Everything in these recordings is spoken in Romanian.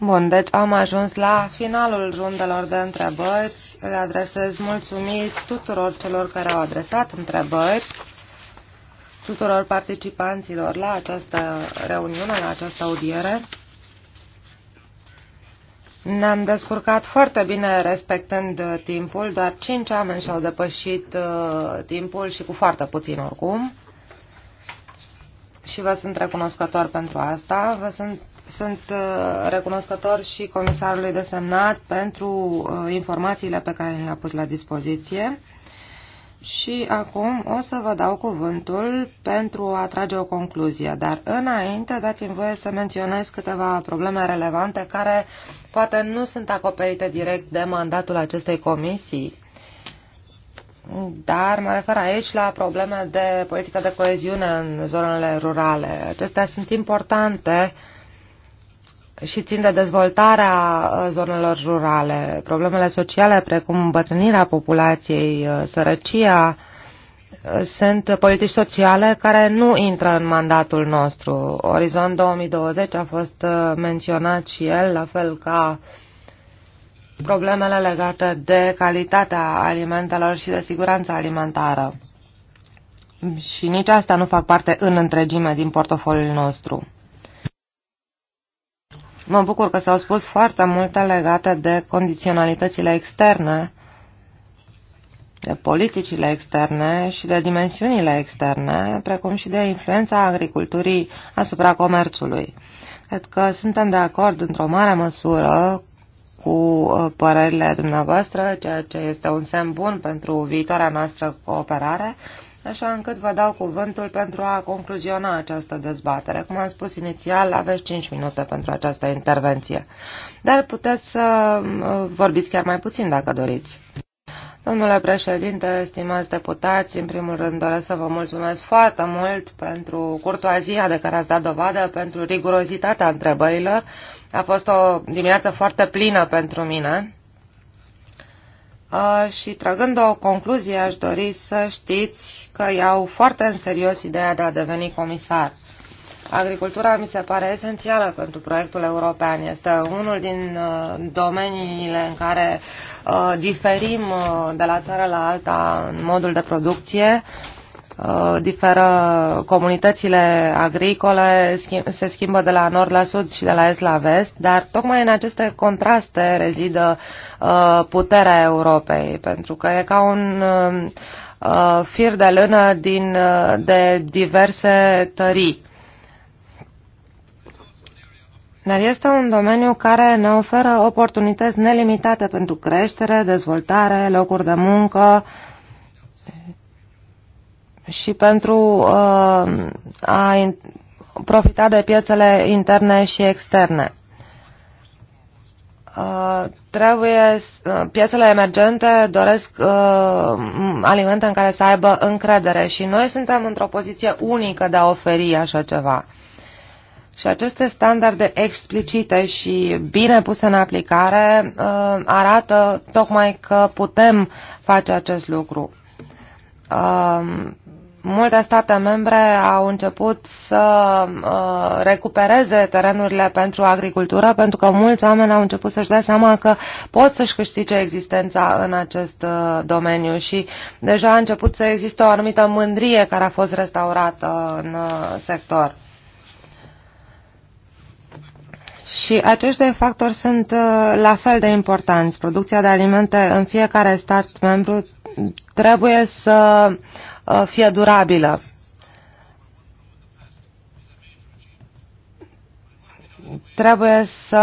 Bun, deci am ajuns la finalul rundelor de întrebări. Le adresez mulțumiri tuturor celor care au adresat întrebări, tuturor participanților la această reuniune, la această audiere. Ne-am descurcat foarte bine respectând uh, timpul, doar cinci oameni și-au depășit uh, timpul și cu foarte puțin oricum. Și vă sunt recunoscător pentru asta. Vă sunt sunt uh, recunoscător și comisarului desemnat pentru uh, informațiile pe care le-a pus la dispoziție. Și acum o să vă dau cuvântul pentru a trage o concluzie, dar înainte dați-mi voie să menționez câteva probleme relevante care poate nu sunt acoperite direct de mandatul acestei comisii, dar mă refer aici la probleme de politică de coeziune în zonele rurale. Acestea sunt importante uh, și țin de dezvoltarea uh, zonelor rurale, problemele sociale precum bătrânirea populației, uh, sărăcia, uh, sunt politici sociale care nu intră în mandatul nostru. Orizont 2020 a fost menționat și el, la fel ca problemele legate de calitatea alimentelor și de siguranța alimentară. Și nici asta nu fac parte în întregime din portofoliul nostru. Mă bucur că s-au spus foarte multe legate de condiționalitățile externe, de politicile externe și de dimensiunile externe, precum și de influența agriculturii asupra comerțului. Cred că suntem de acord într-o mare măsură cu uh, părerile dumneavoastră, ceea ce este un semn bun pentru viitoarea noastră cooperare așa încât vă dau cuvântul pentru a concluziona această dezbatere. Cum am spus inițial, aveți 5 minute pentru această intervenție, dar puteți să uh, vorbiți chiar mai puțin dacă doriți. Domnule președinte, stimați deputați, în primul rând doresc să vă mulțumesc foarte mult pentru curtoazia de care ați dat dovadă, pentru rigurozitatea întrebărilor. A fost o dimineață foarte plină pentru mine și tragând o concluzie aș dori să știți că iau foarte în serios ideea de a deveni comisar. Agricultura mi se pare esențială pentru proiectul european. Este unul din uh, domeniile în care uh, diferim uh, de la țară la alta în modul de producție Uh, diferă comunitățile agricole, se schimbă de la nord la sud și de la est la vest, dar tocmai în aceste contraste rezidă uh, puterea Europei, pentru că e ca un uh, fir de lână din, de diverse tării. Dar este un domeniu care ne oferă oportunități nelimitate pentru creștere, dezvoltare, locuri de muncă, uh, și pentru uh, a profita de piețele interne și externe. Uh, trebuie, uh, piețele emergente doresc uh, alimente în care să aibă încredere și noi suntem într-o poziție unică de a oferi așa ceva. Și aceste standarde explicite și bine puse în aplicare uh, arată tocmai că putem face acest lucru. Uh, multe state membre au început să uh, recupereze terenurile pentru agricultură, pentru că mulți oameni au început să-și dea seama că pot să-și câștige existența în acest uh, domeniu și deja a început să existe o anumită mândrie care a fost restaurată în uh, sector. Și acești doi factori sunt la fel de importanți. Producția de alimente în fiecare stat membru trebuie să fie durabilă. trebuie să,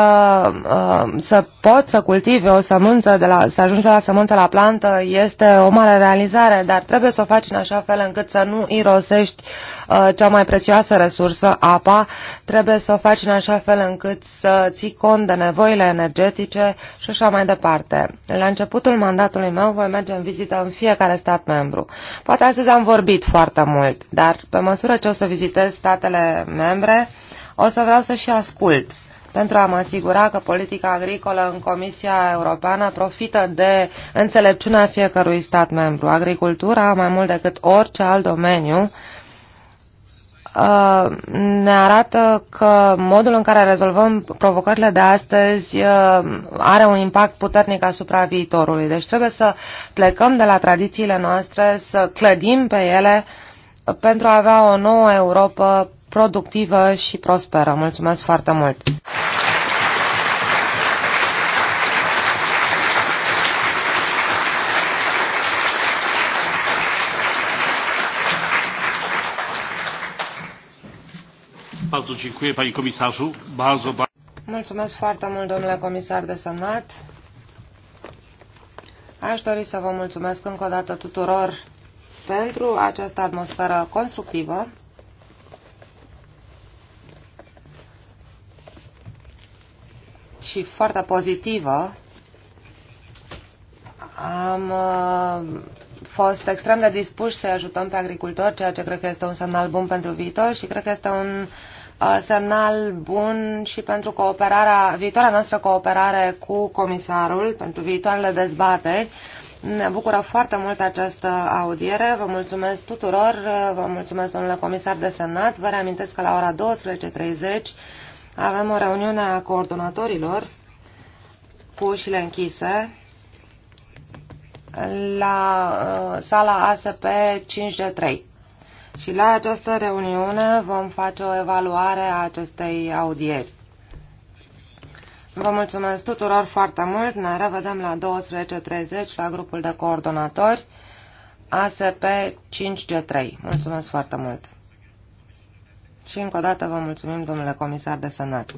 uh, să pot să cultive o sămânță, de la, să ajungi de la sămânță la plantă, este o mare realizare, dar trebuie să o faci în așa fel încât să nu irosești uh, cea mai prețioasă resursă, apa, trebuie să o faci în așa fel încât să ții cont de nevoile energetice și așa mai departe. La începutul mandatului meu voi merge în vizită în fiecare stat membru. Poate astăzi am vorbit foarte mult, dar pe măsură ce o să vizitez statele membre, o să vreau să și ascult pentru a mă asigura că politica agricolă în Comisia Europeană profită de înțelepciunea fiecărui stat membru. Agricultura, mai mult decât orice alt domeniu, uh, ne arată că modul în care rezolvăm provocările de astăzi uh, are un impact puternic asupra viitorului. Deci trebuie să plecăm de la tradițiile noastre, să clădim pe ele pentru a avea o nouă Europa productivă și prosperă. Mulțumesc foarte mult! Mulțumesc foarte mult, domnule comisar de desemnat. Aș dori să vă mulțumesc încă o dată tuturor pentru această atmosferă constructivă. și foarte pozitivă. Am uh, fost extrem de dispuși să ajutăm pe agricultori, ceea ce cred că este un semnal bun pentru viitor și cred că este un uh, Uh, semnal bun și pentru cooperarea, viitoarea noastră cooperare cu comisarul, pentru viitoarele dezbateri. Ne bucură foarte mult această audiere. Vă mulțumesc tuturor, uh, vă mulțumesc domnule comisar de semnat. Vă reamintesc că la ora 12.30 avem o reuniune a coordonatorilor cu ușile închise la uh, sala ASP 5 de 3 și la această reuniune vom face o evaluare a acestei audieri. Vă mulțumesc tuturor foarte mult. Ne revedem la 12.30 la grupul de coordonatori ASP 5G3. Mulțumesc foarte mult. Și încă o dată vă mulțumim, domnule comisar de senat.